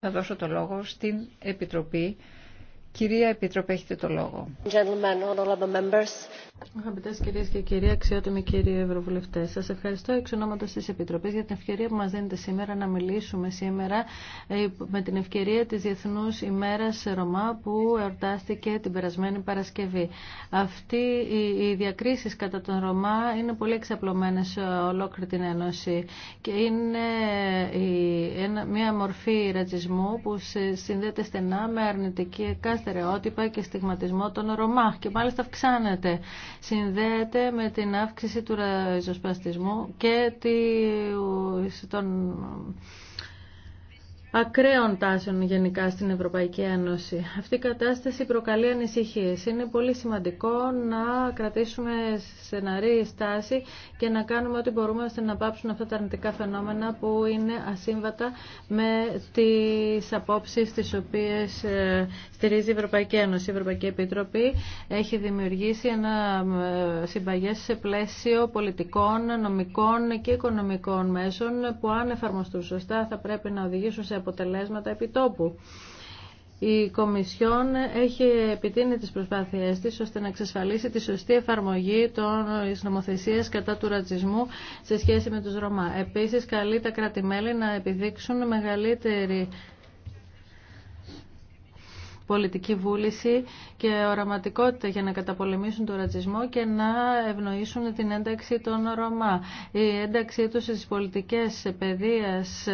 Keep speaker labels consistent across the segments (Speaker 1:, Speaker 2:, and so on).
Speaker 1: Θα δώσω το λόγο στην Επιτροπή Κυρία Επίτροπε, έχετε το λόγο. Αγαπητέ κυρίε και κύριοι, αξιότιμοι κύριοι Ευρωβουλευτέ, σα ευχαριστώ εξ ονόματο τη Επιτροπή για την ευκαιρία που μα δίνετε σήμερα να μιλήσουμε σήμερα ε, με την ευκαιρία τη Διεθνού ημέρα Ρωμά που εορτάστηκε την περασμένη Παρασκευή. Αυτή οι διακρίσει κατά τον Ρωμά είναι πολύ εξαπλωμένε σε ολόκληρη την Ένωση και είναι μια ε, μορφή ρατσισμού που συνδέεται στενά με αρνητική στερεότυπα και στιγματισμό των Ρωμά και μάλιστα αυξάνεται. Συνδέεται με την αύξηση του ριζοσπαστισμού και των ακραίων τάσεων γενικά στην Ευρωπαϊκή Ένωση. Αυτή η κατάσταση προκαλεί ανησυχίες. Είναι πολύ σημαντικό να κρατήσουμε στεναρή στάση και να κάνουμε ό,τι μπορούμε ώστε να πάψουν αυτά τα αρνητικά φαινόμενα που είναι ασύμβατα με τις απόψεις τις οποίες ε, στηρίζει η Ευρωπαϊκή Ένωση. Η Ευρωπαϊκή Επιτροπή έχει δημιουργήσει ένα ε, συμπαγές σε πλαίσιο πολιτικών, νομικών και οικονομικών μέσων που αν εφαρμοστούν σωστά θα πρέπει να οδηγήσουν σε αποτελέσματα επιτόπου. Η Κομισιόν έχει επιτείνει τις προσπάθειές της ώστε να εξασφαλίσει τη σωστή εφαρμογή των νομοθεσία κατά του ρατσισμού σε σχέση με τους Ρωμά. Επίσης, καλεί τα κράτη-μέλη να επιδείξουν μεγαλύτερη πολιτική βούληση και οραματικότητα για να καταπολεμήσουν τον ρατσισμό και να ευνοήσουν την ένταξη των Ρωμά. Η ένταξή τους στις πολιτικές παιδείας,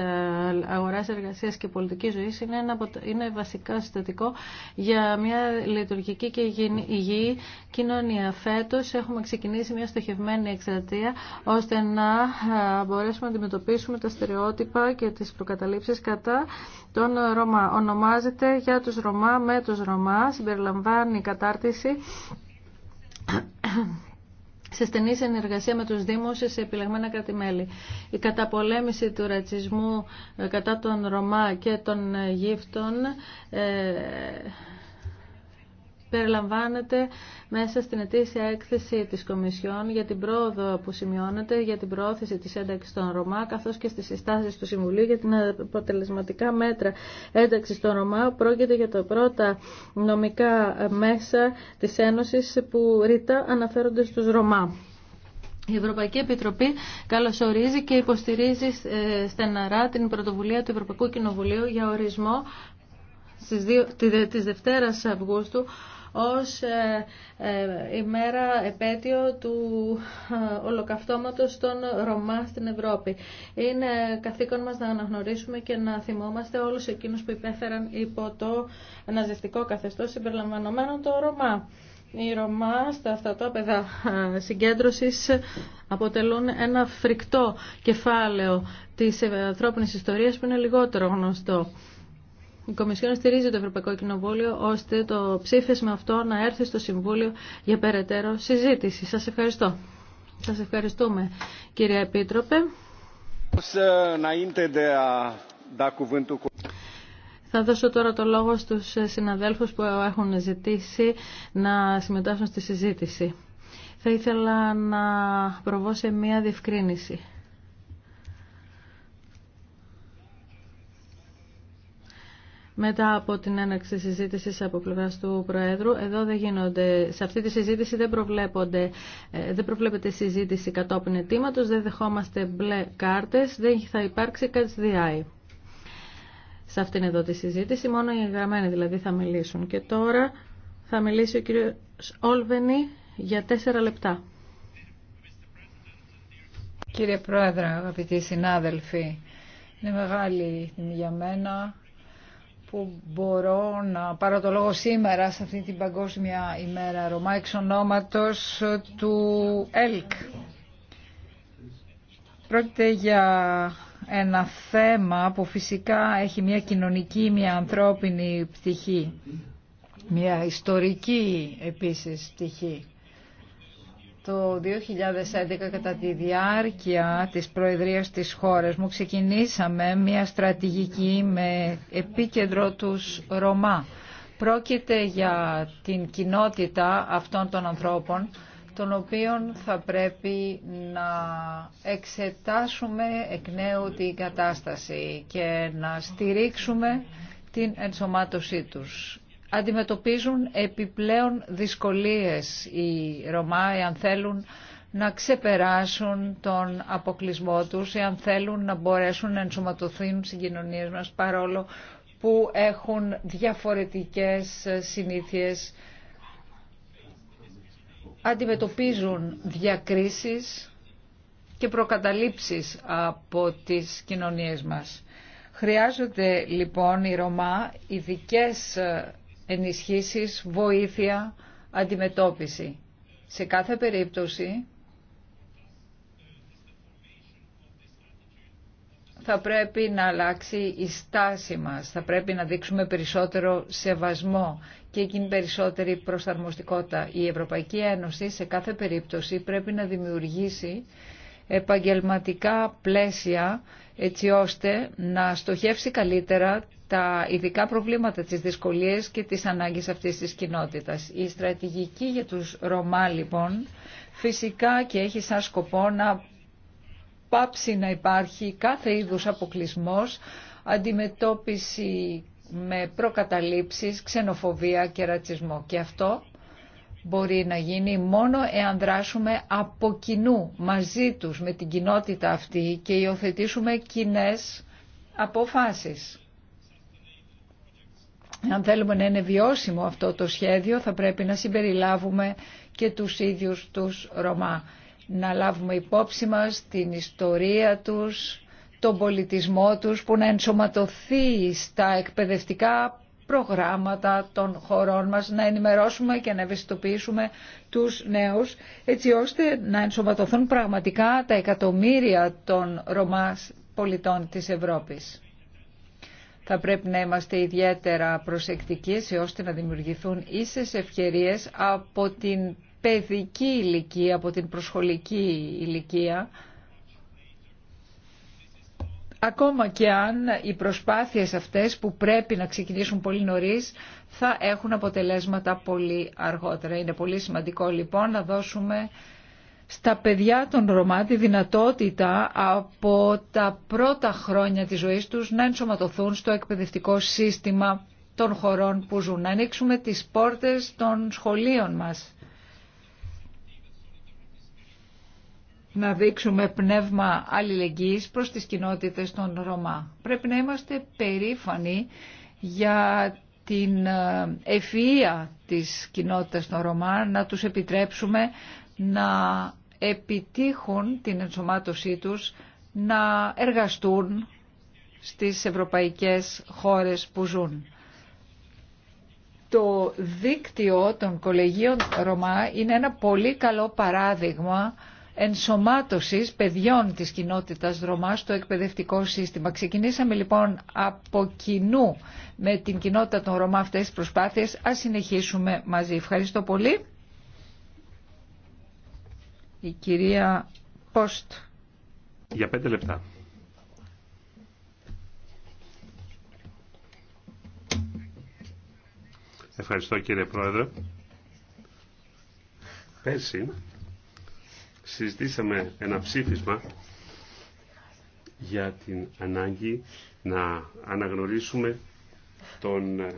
Speaker 1: αγοράς εργασίας και πολιτικής ζωή είναι, είναι βασικά συστατικό για μια λειτουργική και υγιή κοινωνία. Φέτος έχουμε ξεκινήσει μια στοχευμένη εκστρατεία ώστε να μπορέσουμε να αντιμετωπίσουμε τα στερεότυπα και τις προκαταλήψεις κατά των Ρωμά. Ονομάζεται για τους Ρωμά με τους Ρωμά συμπεριλαμβάνει κατάρτιση σε στενή συνεργασία με τους Δήμους σε επιλεγμένα κρατημέλη. Η καταπολέμηση του ρατσισμού ε, κατά των Ρωμά και των ε, γύφτων ε, περιλαμβάνεται μέσα στην ετήσια έκθεση της Κομισιόν για την πρόοδο που σημειώνεται για την προώθηση της ένταξης των Ρωμά καθώς και στις συστάσεις του Συμβουλίου για την αποτελεσματικά μέτρα ένταξης των Ρωμά πρόκειται για τα πρώτα νομικά μέσα της Ένωσης που ρητά αναφέρονται στους Ρωμά. Η Ευρωπαϊκή Επιτροπή καλωσορίζει και υποστηρίζει ε, στεναρά την πρωτοβουλία του Ευρωπαϊκού Κοινοβουλίου για ορισμό στις της Δευτέρας Αυγούστου ως ε, ε, ημέρα επέτειο του ε, ολοκαυτώματος των Ρωμά στην Ευρώπη. Είναι καθήκον μας να αναγνωρίσουμε και να θυμόμαστε όλους εκείνους που υπέφεραν υπό το ναζιστικό καθεστώς συμπεριλαμβανομένων των Ρωμά. Οι Ρωμά στα στρατόπεδα συγκέντρωσης αποτελούν ένα φρικτό κεφάλαιο της ανθρώπινης ιστορίας που είναι λιγότερο γνωστό. Η Κομισιόν στηρίζει το Ευρωπαϊκό Κοινοβούλιο ώστε το ψήφισμα αυτό να έρθει στο Συμβούλιο για περαιτέρω συζήτηση. Σας ευχαριστώ. Σας ευχαριστούμε κύριε Επίτροπε. Ε, Θα δώσω τώρα το λόγο στους ε, συναδέλφους που έχουν ζητήσει να συμμετάσχουν στη συζήτηση. Θα ήθελα να προβώ σε μία διευκρίνηση. μετά από την έναρξη συζήτηση από πλευρά του Προέδρου. Εδώ δεν γίνονται, σε αυτή τη συζήτηση δεν, προβλέπονται, ε, δεν προβλέπεται συζήτηση κατόπιν αιτήματο, δεν δεχόμαστε μπλε κάρτε, δεν θα υπάρξει κατσδιάη. Σε αυτήν εδώ τη συζήτηση, μόνο οι εγγραμμένοι δηλαδή θα μιλήσουν. Και τώρα θα μιλήσει ο κύριος
Speaker 2: Όλβενη για τέσσερα λεπτά. Κύριε Πρόεδρε, αγαπητοί συνάδελφοι, είναι μεγάλη για μένα που μπορώ να πάρω το λόγο σήμερα σε αυτή την παγκόσμια ημέρα Ρωμά εξ ονόματος του ΕΛΚ. Πρόκειται για ένα θέμα που φυσικά έχει μια κοινωνική, μια ανθρώπινη πτυχή. Μια ιστορική επίσης πτυχή. Το 2011 κατά τη διάρκεια της Προεδρίας της χώρας μου ξεκινήσαμε μια στρατηγική με επίκεντρο τους Ρωμά. Πρόκειται για την κοινότητα αυτών των ανθρώπων των οποίων θα πρέπει να εξετάσουμε εκ νέου την κατάσταση και να στηρίξουμε την ενσωμάτωσή τους αντιμετωπίζουν επιπλέον δυσκολίες οι Ρωμά εάν θέλουν να ξεπεράσουν τον αποκλεισμό τους, εάν θέλουν να μπορέσουν να ενσωματωθούν στις κοινωνίες μας παρόλο που έχουν διαφορετικές συνήθειες, αντιμετωπίζουν διακρίσεις και προκαταλήψεις από τις κοινωνίες μας. Χρειάζονται λοιπόν οι Ρωμά ειδικέ ενισχύσεις, βοήθεια, αντιμετώπιση. Σε κάθε περίπτωση θα πρέπει να αλλάξει η στάση μας, θα πρέπει να δείξουμε περισσότερο σεβασμό και εκείνη περισσότερη προσαρμοστικότητα. Η Ευρωπαϊκή Ένωση σε κάθε περίπτωση πρέπει να δημιουργήσει επαγγελματικά πλαίσια έτσι ώστε να στοχεύσει καλύτερα τα ειδικά προβλήματα, τις δυσκολίες και τις ανάγκες αυτής της κοινότητας. Η στρατηγική για τους Ρωμά λοιπόν φυσικά και έχει σαν σκοπό να πάψει να υπάρχει κάθε είδους αποκλισμός, αντιμετώπιση με προκαταλήψεις, ξενοφοβία και ρατσισμό. Και αυτό μπορεί να γίνει μόνο εάν δράσουμε από κοινού μαζί τους με την κοινότητα αυτή και υιοθετήσουμε κοινέ αποφάσεις αν θέλουμε να είναι βιώσιμο αυτό το σχέδιο θα πρέπει να συμπεριλάβουμε και τους ίδιους τους Ρωμά. Να λάβουμε υπόψη μας την ιστορία τους, τον πολιτισμό τους που να ενσωματωθεί στα εκπαιδευτικά προγράμματα των χωρών μας, να ενημερώσουμε και να ευαισθητοποιήσουμε τους νέους, έτσι ώστε να ενσωματωθούν πραγματικά τα εκατομμύρια των Ρωμά πολιτών της Ευρώπης θα πρέπει να είμαστε ιδιαίτερα προσεκτικοί σε ώστε να δημιουργηθούν ίσες ευκαιρίες από την παιδική ηλικία, από την προσχολική ηλικία, ακόμα και αν οι προσπάθειες αυτές που πρέπει να ξεκινήσουν πολύ νωρίς θα έχουν αποτελέσματα πολύ αργότερα. Είναι πολύ σημαντικό λοιπόν να δώσουμε στα παιδιά των Ρωμά τη δυνατότητα από τα πρώτα χρόνια της ζωής τους να ενσωματωθούν στο εκπαιδευτικό σύστημα των χωρών που ζουν. Να ανοίξουμε τις πόρτες των σχολείων μας. Να δείξουμε πνεύμα αλληλεγγύης προς τις κοινότητες των Ρωμά. Πρέπει να είμαστε περήφανοι για την ε, ευφυΐα της κοινότητας των Ρωμά, να τους επιτρέψουμε να επιτύχουν την ενσωμάτωσή τους, να εργαστούν στις ευρωπαϊκές χώρες που ζουν. Το δίκτυο των κολεγίων Ρωμά είναι ένα πολύ καλό παράδειγμα ενσωμάτωσης παιδιών της κοινότητας Ρωμά στο εκπαιδευτικό σύστημα. Ξεκινήσαμε λοιπόν από κοινού με την κοινότητα των Ρωμά αυτές τις προσπάθειες. Ας συνεχίσουμε μαζί. Ευχαριστώ πολύ. Η κυρία Πόστ.
Speaker 3: Για πέντε λεπτά. Ευχαριστώ κύριε Πρόεδρε. Πέρσι συζητήσαμε ένα ψήφισμα για την ανάγκη να αναγνωρίσουμε τον ε,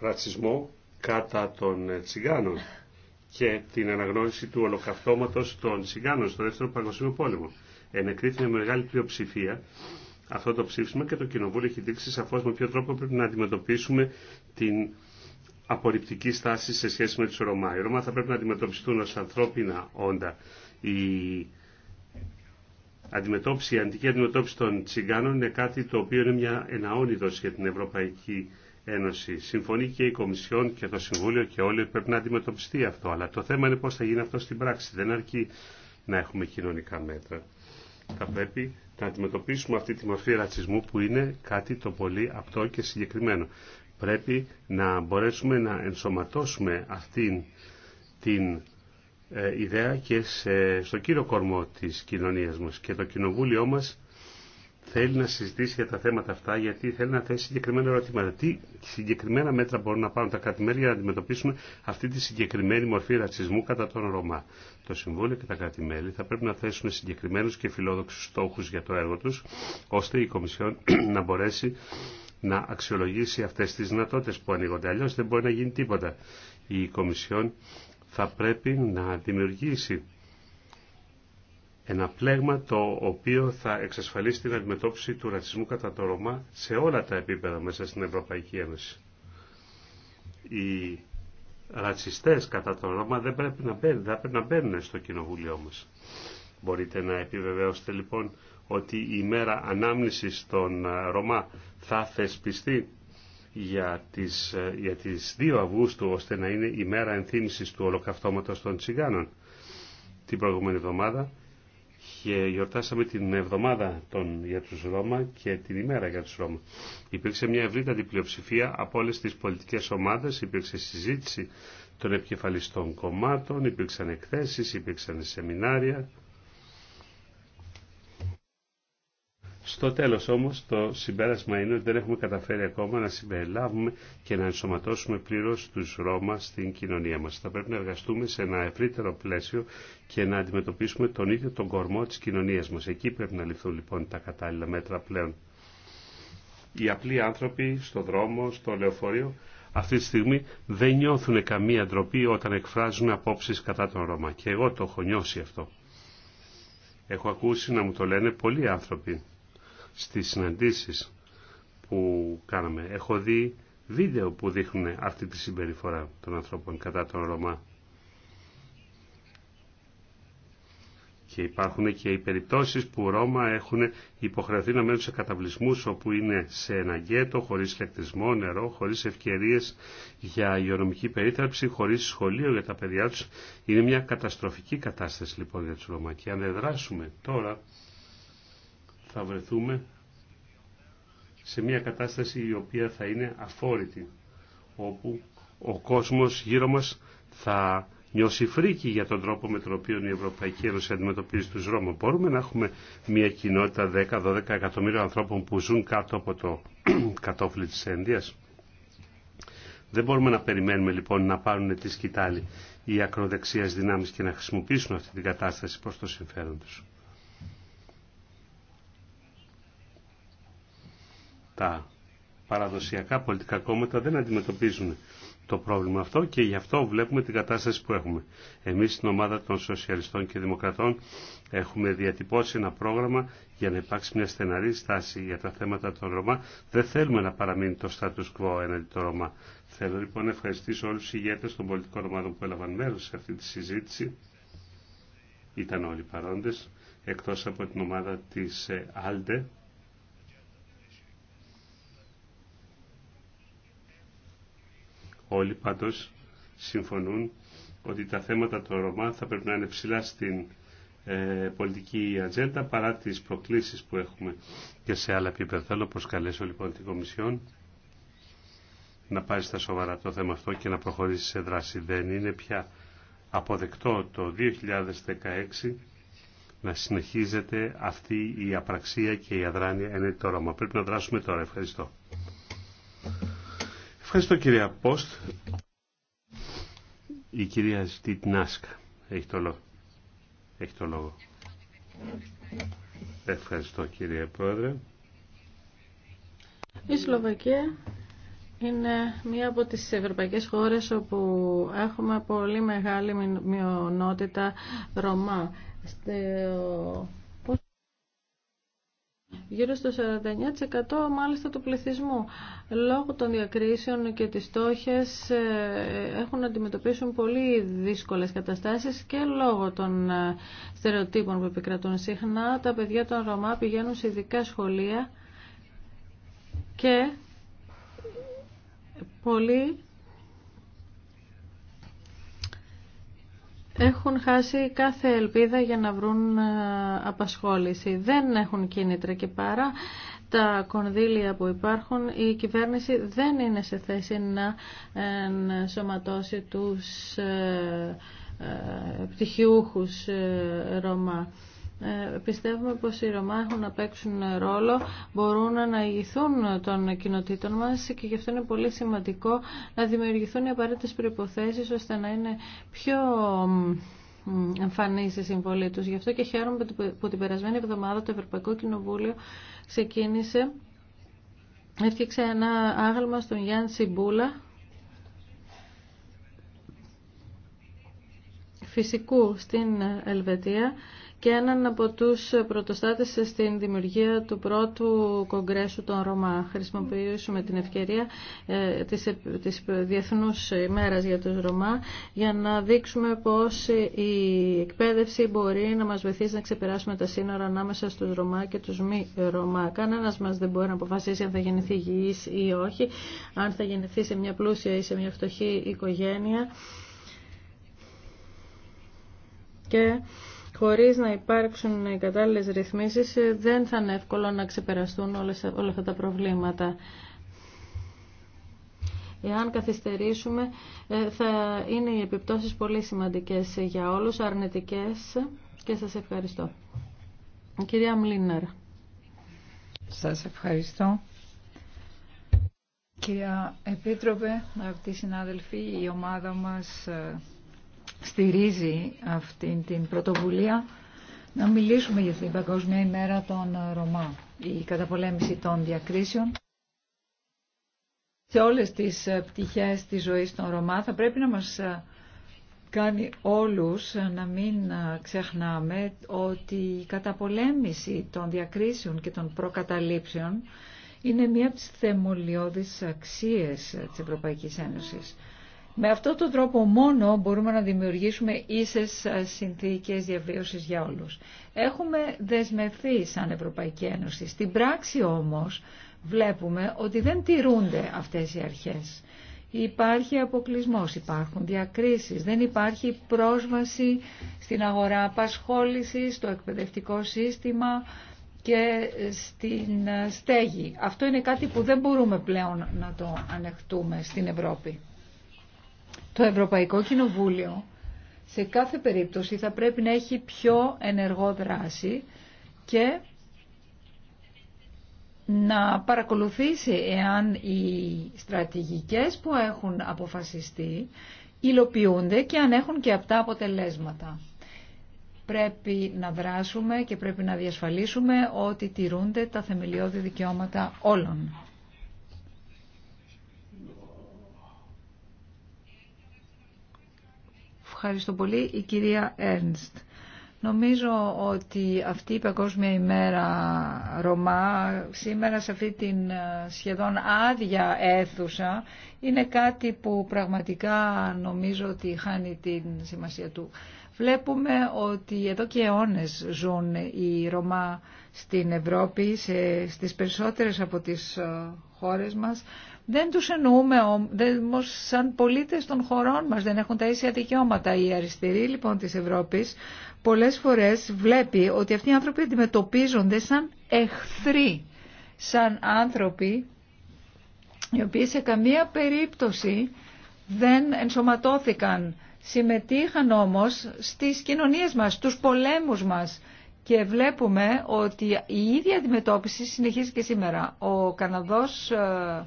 Speaker 3: ρατσισμό κατά των ε, τσιγάνων και την αναγνώριση του ολοκαυτώματος των Τσιγκάνων στο Δεύτερο Παγκοσμίο Πόλεμο. Ενεκρίθηκε με μεγάλη πλειοψηφία αυτό το ψήφισμα και το Κοινοβούλιο έχει δείξει σαφώ με ποιο τρόπο πρέπει να αντιμετωπίσουμε την απορριπτική στάση σε σχέση με του Ρωμά. Οι Ρωμά θα πρέπει να αντιμετωπιστούν ω ανθρώπινα όντα. Η αντιμετώπιση, η αντική αντιμετώπιση των τσιγκάνων είναι κάτι το οποίο είναι μια, ένα για την Ευρωπαϊκή Ένωση. Συμφωνεί και η Κομισιόν και το Συμβούλιο και όλοι πρέπει να αντιμετωπιστεί αυτό. Αλλά το θέμα είναι πώς θα γίνει αυτό στην πράξη. Δεν αρκεί να έχουμε κοινωνικά μέτρα. Θα πρέπει να αντιμετωπίσουμε αυτή τη μορφή ρατσισμού που είναι κάτι το πολύ απτό και συγκεκριμένο. Πρέπει να μπορέσουμε να ενσωματώσουμε αυτή την ε, ιδέα και στο κύριο κορμό της κοινωνίας μας και το κοινοβούλιο μας θέλει να συζητήσει για τα θέματα αυτά, γιατί θέλει να θέσει συγκεκριμένα ερωτήματα. Τι συγκεκριμένα μέτρα μπορούν να πάρουν τα κρατη για να αντιμετωπίσουν αυτή τη συγκεκριμένη μορφή ρατσισμού κατά τον Ρωμά. Το Συμβούλιο και τα κρατη θα πρέπει να θέσουν συγκεκριμένου και φιλόδοξου στόχου για το έργο του, ώστε η Κομισιόν να μπορέσει να αξιολογήσει αυτέ τι δυνατότητε που ανοίγονται. Αλλιώ δεν μπορεί να γίνει τίποτα. Η Κομισιόν θα πρέπει να δημιουργήσει ένα πλέγμα το οποίο θα εξασφαλίσει την αντιμετώπιση του ρατσισμού κατά το Ρωμά σε όλα τα επίπεδα μέσα στην Ευρωπαϊκή Ένωση. Οι ρατσιστές κατά το Ρώμα δεν πρέπει να μπαίνουν, δεν πρέπει να μπαίνουν στο κοινοβούλιο μας. Μπορείτε να επιβεβαιώσετε λοιπόν ότι η μέρα ανάμνησης των Ρωμά θα θεσπιστεί για τις, για τις 2 Αυγούστου ώστε να είναι η μέρα ενθύμησης του ολοκαυτώματος των Τσιγάνων. Την προηγούμενη εβδομάδα και γιορτάσαμε την εβδομάδα των, για του Ρώμα και την ημέρα για του Ρώμα. Υπήρξε μια ευρύτατη πλειοψηφία από όλες τις πολιτικές ομάδες, υπήρξε συζήτηση των επικεφαλιστών κομμάτων, υπήρξαν εκθέσεις, υπήρξαν σεμινάρια, Στο τέλος όμως το συμπέρασμα είναι ότι δεν έχουμε καταφέρει ακόμα να συμπεριλάβουμε και να ενσωματώσουμε πλήρως τους Ρώμα στην κοινωνία μας. Θα πρέπει να εργαστούμε σε ένα ευρύτερο πλαίσιο και να αντιμετωπίσουμε τον ίδιο τον κορμό της κοινωνίας μας. Εκεί πρέπει να ληφθούν λοιπόν τα κατάλληλα μέτρα πλέον. Οι απλοί άνθρωποι στο δρόμο, στο λεωφορείο, αυτή τη στιγμή δεν νιώθουν καμία ντροπή όταν εκφράζουν απόψεις κατά τον Ρώμα. Και εγώ το έχω νιώσει αυτό. Έχω ακούσει να μου το λένε πολλοί άνθρωποι στις συναντήσεις που κάναμε. Έχω δει βίντεο που δείχνουν αυτή τη συμπεριφορά των ανθρώπων κατά τον Ρωμά. Και υπάρχουν και οι περιπτώσεις που Ρώμα έχουν υποχρεωθεί να μένουν σε καταβλισμούς όπου είναι σε ένα γκέτο, χωρίς ηλεκτρισμό, νερό, χωρίς ευκαιρίες για υγειονομική περίθαλψη, χωρίς σχολείο για τα παιδιά τους. Είναι μια καταστροφική κατάσταση λοιπόν για τους Ρώμα. Και αν δεν δράσουμε τώρα θα βρεθούμε σε μια κατάσταση η οποία θα είναι αφόρητη, όπου ο κόσμος γύρω μας θα νιώσει φρίκη για τον τρόπο με τον οποίο η Ευρωπαϊκή Ένωση αντιμετωπίζει τους Ρώμα. Μπορούμε να έχουμε μια κοινότητα 10-12 εκατομμύρια ανθρώπων που ζουν κάτω από το κατόφλι της Ένδειας. Δεν μπορούμε να περιμένουμε λοιπόν να πάρουν τη σκητάλη οι ακροδεξίες δυνάμεις και να χρησιμοποιήσουν αυτή την κατάσταση προς το συμφέρον τους. Τα παραδοσιακά πολιτικά κόμματα δεν αντιμετωπίζουν το πρόβλημα αυτό και γι' αυτό βλέπουμε την κατάσταση που έχουμε. Εμείς στην ομάδα των Σοσιαλιστών και Δημοκρατών έχουμε διατυπώσει ένα πρόγραμμα για να υπάρξει μια στεναρή στάση για τα θέματα των Ρωμά. Δεν θέλουμε να παραμείνει το status quo έναντι των Ρωμά. Θέλω λοιπόν να ευχαριστήσω όλους τους ηγέτες των πολιτικών ομάδων που έλαβαν μέρος σε αυτή τη συζήτηση. Ήταν όλοι παρόντες, εκτός από την ομάδα της ALDE ε, Όλοι πάντως συμφωνούν ότι τα θέματα των Ρωμά θα πρέπει να είναι ψηλά στην ε, πολιτική ατζέντα παρά τις προκλήσεις που έχουμε και σε άλλα επίπεδα. Θέλω προσκαλέσω λοιπόν την Κομισιόν να πάρει στα σοβαρά το θέμα αυτό και να προχωρήσει σε δράση. Δεν είναι πια αποδεκτό το 2016 να συνεχίζεται αυτή η απραξία και η αδράνεια ενέτει το Ρώμα. Πρέπει να δράσουμε τώρα. Ευχαριστώ. Ευχαριστώ κυρία Πόστ. Η κυρία Στιτνάσκα έχει το λόγο. Έχει λόγο. Ευχαριστώ κύριε Πρόεδρε.
Speaker 1: Η Σλοβακία είναι μία από τις ευρωπαϊκές χώρες όπου έχουμε πολύ μεγάλη μειονότητα Ρωμά. Στο γύρω στο 49% μάλιστα του πληθυσμού. Λόγω των διακρίσεων και της στόχες ε, έχουν να αντιμετωπίσουν πολύ δύσκολες καταστάσεις και λόγω των ε, στερεοτύπων που επικρατούν συχνά. Τα παιδιά των Ρωμά πηγαίνουν σε ειδικά σχολεία και πολλοί έχουν χάσει κάθε ελπίδα για να βρουν ε, απασχόληση. Δεν έχουν κίνητρα και παρά τα κονδύλια που υπάρχουν η κυβέρνηση δεν είναι σε θέση να ενσωματώσει τους ε, ε, πτυχιούχους Ρωμά. Ε, πιστεύουμε πως οι Ρωμά έχουν να παίξουν ρόλο, μπορούν να ηγηθούν των κοινοτήτων μας και γι' αυτό είναι πολύ σημαντικό να δημιουργηθούν οι απαραίτητες προϋποθέσεις ώστε να είναι πιο εμφανίσει οι συμβολή τους. Γι' αυτό και χαίρομαι που την περασμένη εβδομάδα το Ευρωπαϊκό Κοινοβούλιο ξεκίνησε έφτιαξε ένα άγαλμα στον Γιάννη Σιμπούλα φυσικού στην Ελβετία και έναν από τους πρωτοστάτες στην δημιουργία του πρώτου κογκρέσου των Ρωμά. Χρησιμοποιήσουμε την ευκαιρία ε, της, της Διεθνούς Μέρας για τους Ρωμά για να δείξουμε πώς η εκπαίδευση μπορεί να μας βοηθήσει να ξεπεράσουμε τα σύνορα ανάμεσα στους Ρωμά και τους μη Ρωμά. Κανένας μας δεν μπορεί να αποφασίσει αν θα γεννηθεί γης ή όχι, αν θα γεννηθεί σε μια πλούσια ή σε μια φτωχή οικογένεια. Και χωρίς να υπάρξουν κατάλληλες ρυθμίσεις ε, δεν θα είναι εύκολο να ξεπεραστούν όλες, όλα αυτά τα προβλήματα. Εάν καθυστερήσουμε ε, θα είναι οι επιπτώσεις πολύ σημαντικές για όλους, αρνητικές και σας ευχαριστώ. Κυρία
Speaker 2: Μλίνερ. Σας ευχαριστώ. Κυρία Επίτροπε, αγαπητοί συνάδελφοι, η ομάδα μας ε, στηρίζει αυτή την πρωτοβουλία να μιλήσουμε για την Παγκόσμια ημέρα των Ρωμά. Η καταπολέμηση των διακρίσεων σε όλες τις ε, πτυχές της ζωής των Ρωμά θα πρέπει να μας ε, κάνει όλους ε, να μην ξεχνάμε ότι η καταπολέμηση των διακρίσεων και των προκαταλήψεων είναι μία από τις θεμολιώδεις αξίες της Ευρωπαϊκής Ένωσης. Με αυτόν τον τρόπο μόνο μπορούμε να δημιουργήσουμε ίσες ε, συνθήκες διαβίωσης για όλους. Έχουμε δεσμευθεί σαν Ευρωπαϊκή Ένωση. Στην πράξη όμως βλέπουμε ότι δεν τηρούνται αυτές οι αρχές. Υπάρχει αποκλεισμός, υπάρχουν διακρίσεις, δεν υπάρχει πρόσβαση στην αγορά απασχόληση, στο εκπαιδευτικό σύστημα και ε, στην ε, στέγη. Αυτό είναι κάτι που δεν μπορούμε πλέον να το ανεχτούμε στην Ευρώπη. Το Ευρωπαϊκό Κοινοβούλιο σε κάθε περίπτωση θα πρέπει να έχει πιο ενεργό δράση και να παρακολουθήσει εάν οι στρατηγικές που έχουν αποφασιστεί υλοποιούνται και αν έχουν και αυτά αποτελέσματα. Πρέπει να δράσουμε και πρέπει να διασφαλίσουμε ότι τηρούνται τα θεμελιώδη δικαιώματα όλων. Ευχαριστώ πολύ. Η κυρία Έρνστ. Νομίζω ότι αυτή η Παγκόσμια ημέρα Ρωμά σήμερα σε αυτή την ε, σχεδόν άδεια αίθουσα είναι κάτι που πραγματικά νομίζω ότι χάνει την σημασία του. Βλέπουμε ότι εδώ και αιώνες ζουν οι Ρωμά στην Ευρώπη, σε, στις περισσότερες από τις ε, χώρες μας. Δεν τους εννοούμε όμως σαν πολίτες των χωρών μας, δεν έχουν τα ίσια δικαιώματα. Η αριστερή λοιπόν της Ευρώπης πολλές φορές βλέπει ότι αυτοί οι άνθρωποι αντιμετωπίζονται σαν εχθροί, σαν άνθρωποι οι οποίοι σε καμία περίπτωση δεν ενσωματώθηκαν. Συμμετείχαν όμως στις κοινωνίες μας, στους πολέμους μας και βλέπουμε ότι η ίδια αντιμετώπιση συνεχίζει και σήμερα. Ο Καναδός ε,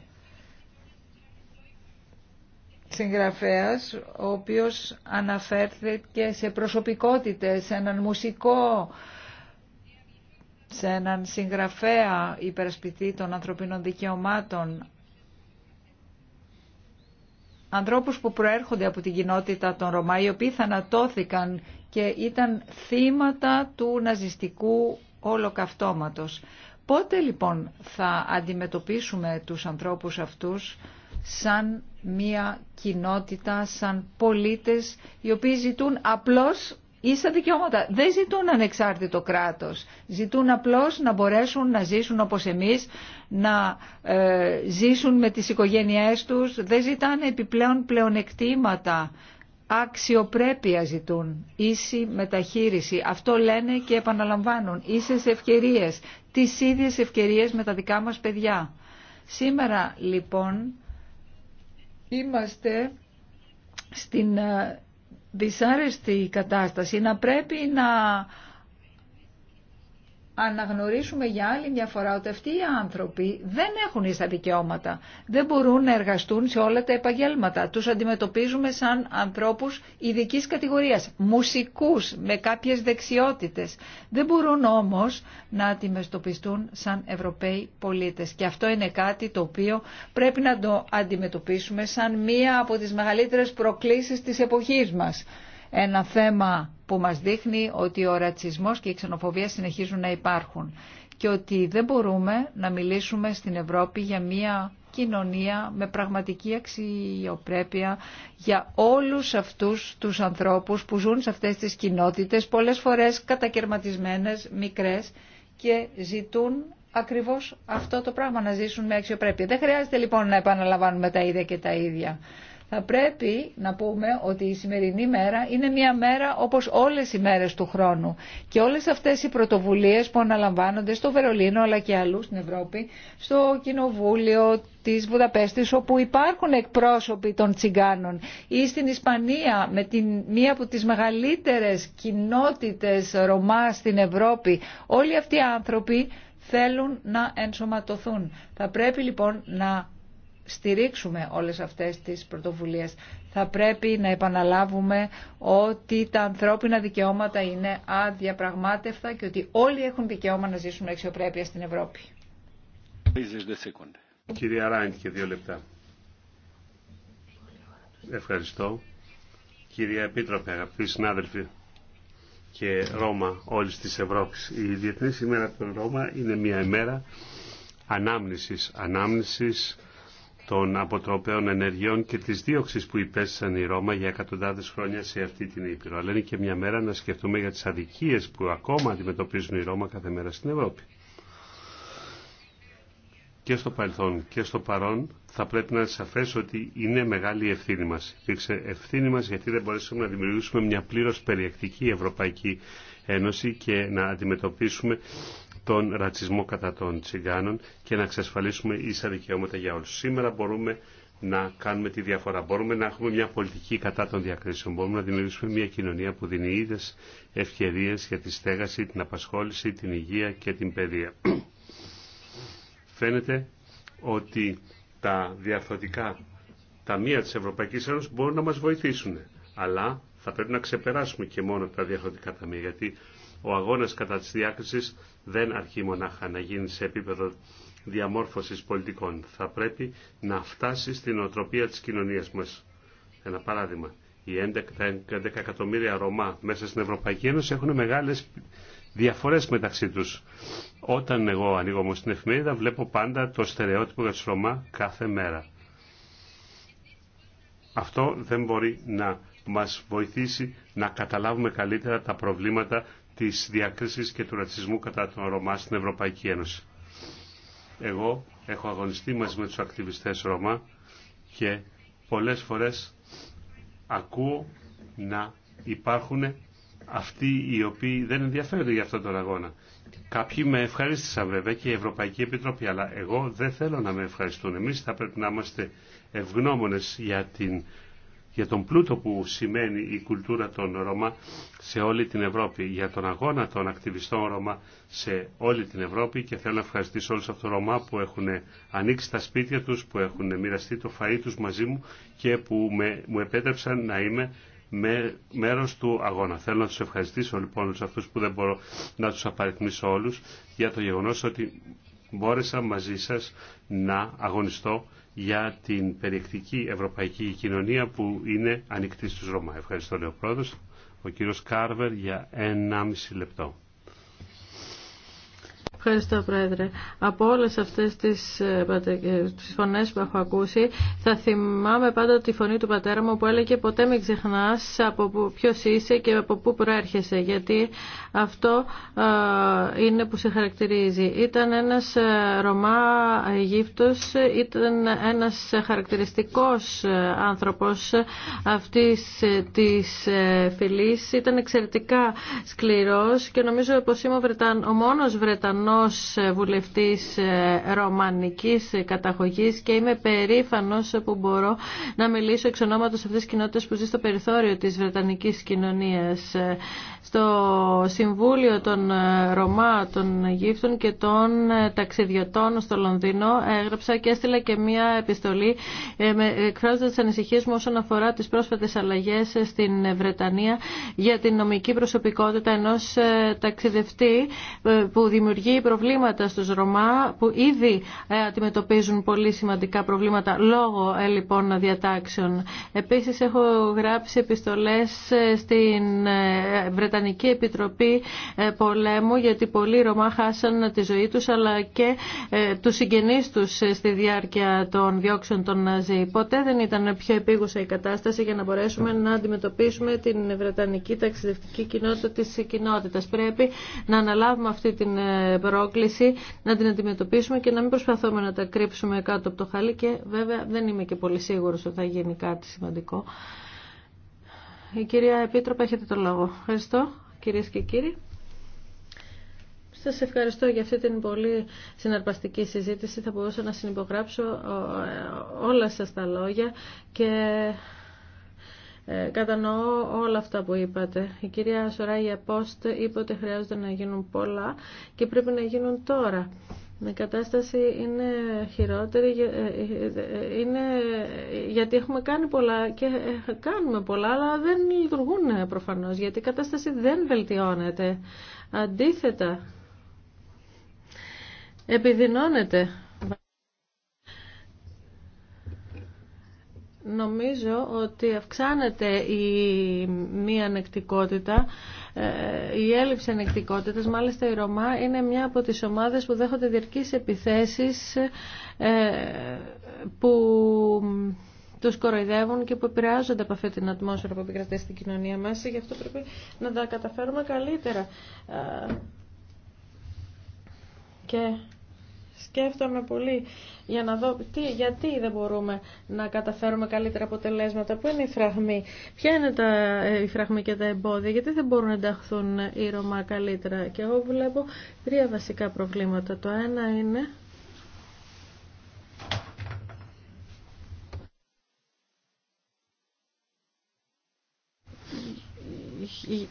Speaker 2: συγγραφέας ο οποίος αναφέρθηκε σε προσωπικότητες, σε έναν μουσικό, σε έναν συγγραφέα υπερασπιτή των ανθρωπίνων δικαιωμάτων, ανθρώπους που προέρχονται από την κοινότητα των Ρωμά, οι οποίοι θανατώθηκαν και ήταν θύματα του ναζιστικού ολοκαυτώματος. Πότε λοιπόν θα αντιμετωπίσουμε τους ανθρώπους αυτούς σαν μία κοινότητα σαν πολίτες οι οποίοι ζητούν απλώς ίσα δικαιώματα. Δεν ζητούν ανεξάρτητο κράτος. Ζητούν απλώς να μπορέσουν να ζήσουν όπως εμείς, να ε, ζήσουν με τις οικογένειές τους. Δεν ζητάνε επιπλέον πλεονεκτήματα. Αξιοπρέπεια ζητούν, ίση μεταχείριση. Αυτό λένε και επαναλαμβάνουν. Ίσες ευκαιρίες, τις ίδιες ευκαιρίες με τα δικά μας παιδιά. Σήμερα λοιπόν είμαστε στην ε, δυσάρεστη κατάσταση να πρέπει να αναγνωρίσουμε για άλλη μια φορά ότι αυτοί οι άνθρωποι δεν έχουν ίσα δικαιώματα. Δεν μπορούν να εργαστούν σε όλα τα επαγγέλματα. Τους αντιμετωπίζουμε σαν ανθρώπους ειδική κατηγορίας, μουσικούς με κάποιες δεξιότητες. Δεν μπορούν όμως να αντιμετωπιστούν σαν Ευρωπαίοι πολίτες. Και αυτό είναι κάτι το οποίο πρέπει να το αντιμετωπίσουμε σαν μία από τις μεγαλύτερες προκλήσεις της εποχής μας. Ένα θέμα που μας δείχνει ότι ο ρατσισμός και η ξενοφοβία συνεχίζουν να υπάρχουν και ότι δεν μπορούμε να μιλήσουμε στην Ευρώπη για μια κοινωνία με πραγματική αξιοπρέπεια για όλους αυτούς τους ανθρώπους που ζουν σε αυτές τις κοινότητες, πολλές φορές κατακαιρματισμένες, μικρές και ζητούν ακριβώς αυτό το πράγμα να ζήσουν με αξιοπρέπεια. Δεν χρειάζεται λοιπόν να επαναλαμβάνουμε τα ίδια και τα ίδια. Θα πρέπει να πούμε ότι η σημερινή μέρα είναι μια μέρα όπως όλες οι μέρες του χρόνου και όλες αυτές οι πρωτοβουλίες που αναλαμβάνονται στο Βερολίνο αλλά και αλλού στην Ευρώπη, στο Κοινοβούλιο της Βουδαπέστης όπου υπάρχουν εκπρόσωποι των τσιγκάνων ή στην Ισπανία με την, μία από τις μεγαλύτερες κοινότητες Ρωμά στην Ευρώπη. Όλοι αυτοί οι άνθρωποι θέλουν να ενσωματωθούν. Θα πρέπει λοιπόν να στηρίξουμε όλες αυτές τις πρωτοβουλίες. Θα πρέπει να επαναλάβουμε ότι τα ανθρώπινα δικαιώματα είναι αδιαπραγμάτευτα και ότι όλοι έχουν δικαίωμα να ζήσουν αξιοπρέπεια στην Ευρώπη.
Speaker 3: Κυρία Ράιντ και δύο λεπτά. Ευχαριστώ. Κυρία Επίτροπε, αγαπητοί συνάδελφοι και Ρώμα όλης της Ευρώπη. Η Διεθνή ημέρα των Ρώμα είναι μια ημέρα ανάμνησης, ανάμνησης των αποτροπέων ενεργειών και της δίωξης που υπέστησαν η Ρώμα για εκατοντάδες χρόνια σε αυτή την Ήπειρο. Αλλά είναι και μια μέρα να σκεφτούμε για τις αδικίες που ακόμα αντιμετωπίζουν η Ρώμα κάθε μέρα στην Ευρώπη. Και στο παρελθόν και στο παρόν θα πρέπει να είναι ότι είναι μεγάλη η ευθύνη μας. Υπήρξε ευθύνη μας γιατί δεν μπορέσαμε να δημιουργήσουμε μια πλήρως περιεκτική Ευρωπαϊκή Ένωση και να αντιμετωπίσουμε τον ρατσισμό κατά των τσιγκάνων και να εξασφαλίσουμε ίσα δικαιώματα για όλους. Σήμερα μπορούμε να κάνουμε τη διαφορά. Μπορούμε να έχουμε μια πολιτική κατά των διακρίσεων. Μπορούμε να δημιουργήσουμε μια κοινωνία που δίνει είδε ευκαιρίε για τη στέγαση, την απασχόληση, την υγεία και την παιδεία. Φαίνεται ότι τα διαφορετικά ταμεία της Ευρωπαϊκής Ένωσης μπορούν να μας βοηθήσουν. Αλλά θα πρέπει να ξεπεράσουμε και μόνο τα διαφορετικά ταμεία, γιατί ο αγώνας κατά της διάκρισης δεν αρχεί μονάχα να γίνει σε επίπεδο διαμόρφωσης πολιτικών. Θα πρέπει να φτάσει στην οτροπία της κοινωνίας μας. Ένα παράδειγμα. Οι 11 εκατομμύρια Ρωμά μέσα στην Ευρωπαϊκή Ένωση έχουν μεγάλες διαφορές μεταξύ τους. Όταν εγώ ανοίγω όμως την εφημερίδα βλέπω πάντα το στερεότυπο για τους Ρωμά κάθε μέρα. Αυτό δεν μπορεί να μας βοηθήσει να καταλάβουμε καλύτερα τα προβλήματα της διάκρισης και του ρατσισμού κατά τον Ρωμά στην Ευρωπαϊκή Ένωση. Εγώ έχω αγωνιστεί μαζί με τους ακτιβιστές Ρωμά και πολλές φορές ακούω να υπάρχουν αυτοί οι οποίοι δεν ενδιαφέρονται για αυτόν τον αγώνα. Κάποιοι με ευχαρίστησαν βέβαια και η Ευρωπαϊκή Επιτροπή, αλλά εγώ δεν θέλω να με ευχαριστούν. Εμείς θα πρέπει να είμαστε ευγνώμονες για την για τον πλούτο που σημαίνει η κουλτούρα των Ρωμά σε όλη την Ευρώπη, για τον αγώνα των ακτιβιστών Ρωμά σε όλη την Ευρώπη και θέλω να ευχαριστήσω όλους αυτούς τους Ρωμά που έχουν ανοίξει τα σπίτια τους, που έχουν μοιραστεί το φαΐ τους μαζί μου και που με, μου επέτρεψαν να είμαι με, μέρος του αγώνα. Θέλω να τους ευχαριστήσω λοιπόν όλους αυτούς που δεν μπορώ να τους απαριθμίσω όλους για το γεγονός ότι μπόρεσα μαζί σας να αγωνιστώ για την περιεκτική ευρωπαϊκή κοινωνία που είναι ανοιχτή στους Ρωμά. Ευχαριστώ, λέει ο πρόεδρος. Ο κύριος Κάρβερ για 1,5 λεπτό.
Speaker 1: Ευχαριστώ, Πρόεδρε. Από όλε αυτέ ε, ε, τις φωνές που έχω ακούσει, θα θυμάμαι πάντα τη φωνή του πατέρα μου που έλεγε ποτέ μην ξεχνάς από ποιο είσαι και από πού προέρχεσαι, γιατί αυτό είναι που σε χαρακτηρίζει. Ήταν Ήταν ε, Ρωμά Αιγύπτος, ήταν ένας χαρακτηριστικός άνθρωπος αυτής της φυλής. ήταν εξαιρετικά σκληρός και νομίζω πως είμαι ο μόνος Βρετανός ενός βουλευτής ε, ρωμανικής καταγωγής και είμαι περήφανος που μπορώ να μιλήσω εξ ονόματος αυτής της κοινότητας που ζει στο περιθώριο της Βρετανικής κοινωνίας. Ε, στο Συμβούλιο των ε, Ρωμά, των Γύφτων και των Ταξιδιωτών στο Λονδίνο έγραψα και έστειλα και μία επιστολή εκφράζοντα τι ανησυχίε μου όσον αφορά τι πρόσφατε αλλαγέ στην Βρετανία για την νομική προσωπικότητα ενό ταξιδευτή που δημιουργεί προβλήματα στους Ρωμά που ήδη ε, αντιμετωπίζουν πολύ σημαντικά προβλήματα λόγω ε, λοιπόν διατάξεων. Επίσης έχω γράψει επιστολές ε, στην Βρετανική Επιτροπή Πολέμου γιατί πολλοί Ρωμά χάσαν τη ζωή τους αλλά και τους συγγενείς τους στη διάρκεια των διώξεων των Ναζί. Ποτέ δεν ήταν πιο επίγουσα η κατάσταση για να μπορέσουμε να αντιμετωπίσουμε την Βρετανική ταξιδευτική κοινότητα της κοινότητας. Πρέπει να αναλάβουμε αυτή την πρόκληση να την αντιμετωπίσουμε και να μην προσπαθούμε να τα κρύψουμε κάτω από το χαλί και βέβαια δεν είμαι και πολύ σίγουρος ότι θα γίνει κάτι σημαντικό. Η κυρία Επίτροπα, έχετε το λόγο. Ευχαριστώ, κυρίες και κύριοι. Σας ευχαριστώ για αυτή την πολύ συναρπαστική συζήτηση. Θα μπορούσα να συνυπογράψω ε, όλα σας τα λόγια και ε, κατανοώ όλα αυτά που είπατε. Η κυρία Σοράγια Πόστ είπε ότι χρειάζονται να γίνουν πολλά και πρέπει να γίνουν τώρα. Η κατάσταση είναι χειρότερη, ε, ε, είναι γιατί έχουμε κάνει πολλά και κάνουμε πολλά, αλλά δεν λειτουργούν προφανώς, γιατί η κατάσταση δεν βελτιώνεται. Αντίθετα, επιδεινώνεται. Νομίζω ότι αυξάνεται η μη ανεκτικότητα, ε, η έλλειψη ανεκτικότητας. Μάλιστα η Ρωμά είναι μια από τις ομάδες που δέχονται διαρκείς επιθέσεις ε, που τους κοροϊδεύουν και που επηρεάζονται από αυτή την ατμόσφαιρα που επικρατεί στην κοινωνία μας. Γι' αυτό πρέπει να τα καταφέρουμε καλύτερα. Ε, και Σκέφτομαι πολύ για να δω τι, γιατί δεν μπορούμε να καταφέρουμε καλύτερα αποτελέσματα. Πού είναι η φραγμή, ποια είναι τα, ε, η φραγμή και τα εμπόδια, γιατί δεν μπορούν να ενταχθούν οι Ρωμά καλύτερα. Και εγώ βλέπω τρία βασικά προβλήματα. Το ένα είναι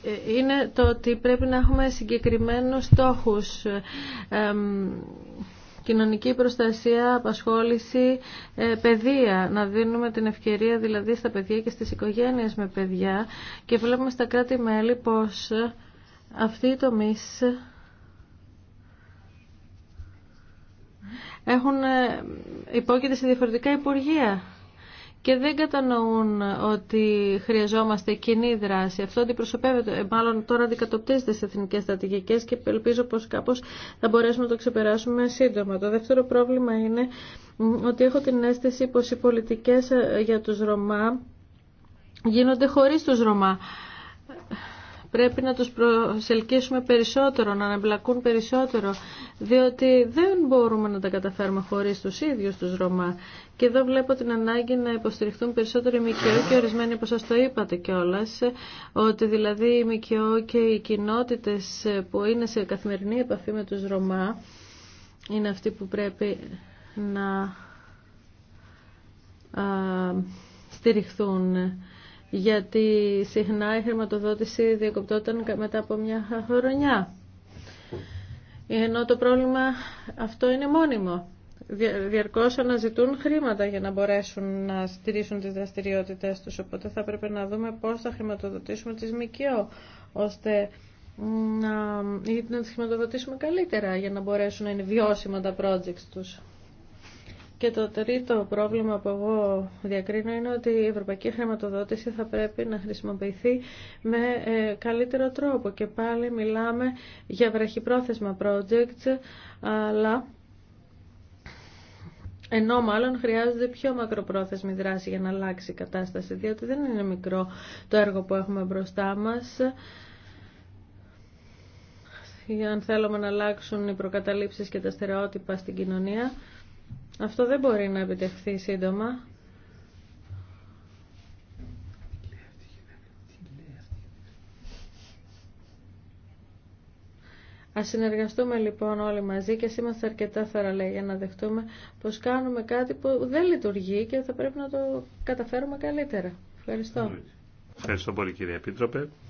Speaker 1: ε, ε, είναι το ότι πρέπει να έχουμε συγκεκριμένους στόχους κοινωνική προστασία, απασχόληση, ε, παιδεία. Να δίνουμε την ευκαιρία δηλαδή στα παιδιά και στις οικογένειες με παιδιά και βλέπουμε στα κράτη-μέλη πως αυτοί οι τομείς έχουν ε, υπόκειται σε διαφορετικά υπουργεία και δεν κατανοούν ότι χρειαζόμαστε κοινή δράση. Αυτό αντιπροσωπεύεται, ε, μάλλον τώρα αντικατοπτρίζεται στι εθνικέ στρατηγικέ και ελπίζω πω κάπω θα μπορέσουμε να το ξεπεράσουμε σύντομα. Το δεύτερο πρόβλημα είναι ότι έχω την αίσθηση πω οι πολιτικέ ε, για του Ρωμά γίνονται χωρί του Ρωμά. Πρέπει να τους προσελκύσουμε περισσότερο, να εμπλακούν περισσότερο, διότι δεν μπορούμε να τα καταφέρουμε χωρίς τους ίδιους τους Ρωμά. Και εδώ βλέπω την ανάγκη να υποστηριχθούν περισσότερο οι ΜΚΟ και ορισμένοι, όπως σας το είπατε κιόλα, ότι δηλαδή οι ΜΚΟ και οι κοινότητες που είναι σε καθημερινή επαφή με τους Ρωμά είναι αυτοί που πρέπει να στηριχθούν γιατί συχνά η χρηματοδότηση διακοπτόταν μετά από μια χρονιά. Ενώ το πρόβλημα αυτό είναι μόνιμο. Διαρκώς αναζητούν χρήματα για να μπορέσουν να στηρίσουν τις δραστηριότητες τους, οπότε θα πρέπει να δούμε πώς θα χρηματοδοτήσουμε τις ΜΚΟ, ώστε να, να τις χρηματοδοτήσουμε καλύτερα για να μπορέσουν να είναι βιώσιμα τα projects τους. Και το τρίτο πρόβλημα που εγώ διακρίνω είναι ότι η ευρωπαϊκή χρηματοδότηση θα πρέπει να χρησιμοποιηθεί με ε, καλύτερο τρόπο. Και πάλι μιλάμε για βραχυπρόθεσμα projects, αλλά ενώ μάλλον χρειάζεται πιο μακροπρόθεσμη δράση για να αλλάξει η κατάσταση, διότι δεν είναι μικρό το έργο που έχουμε μπροστά μας αν θέλουμε να αλλάξουν οι προκαταλήψεις και τα στερεότυπα στην κοινωνία. Αυτό δεν μπορεί να επιτευχθεί σύντομα. Α συνεργαστούμε λοιπόν όλοι μαζί και α είμαστε αρκετά θεραλέοι για να δεχτούμε πω κάνουμε κάτι που δεν λειτουργεί και θα πρέπει να το καταφέρουμε καλύτερα. Ευχαριστώ.
Speaker 3: Ευχαριστώ πολύ κύριε Επίτροπε.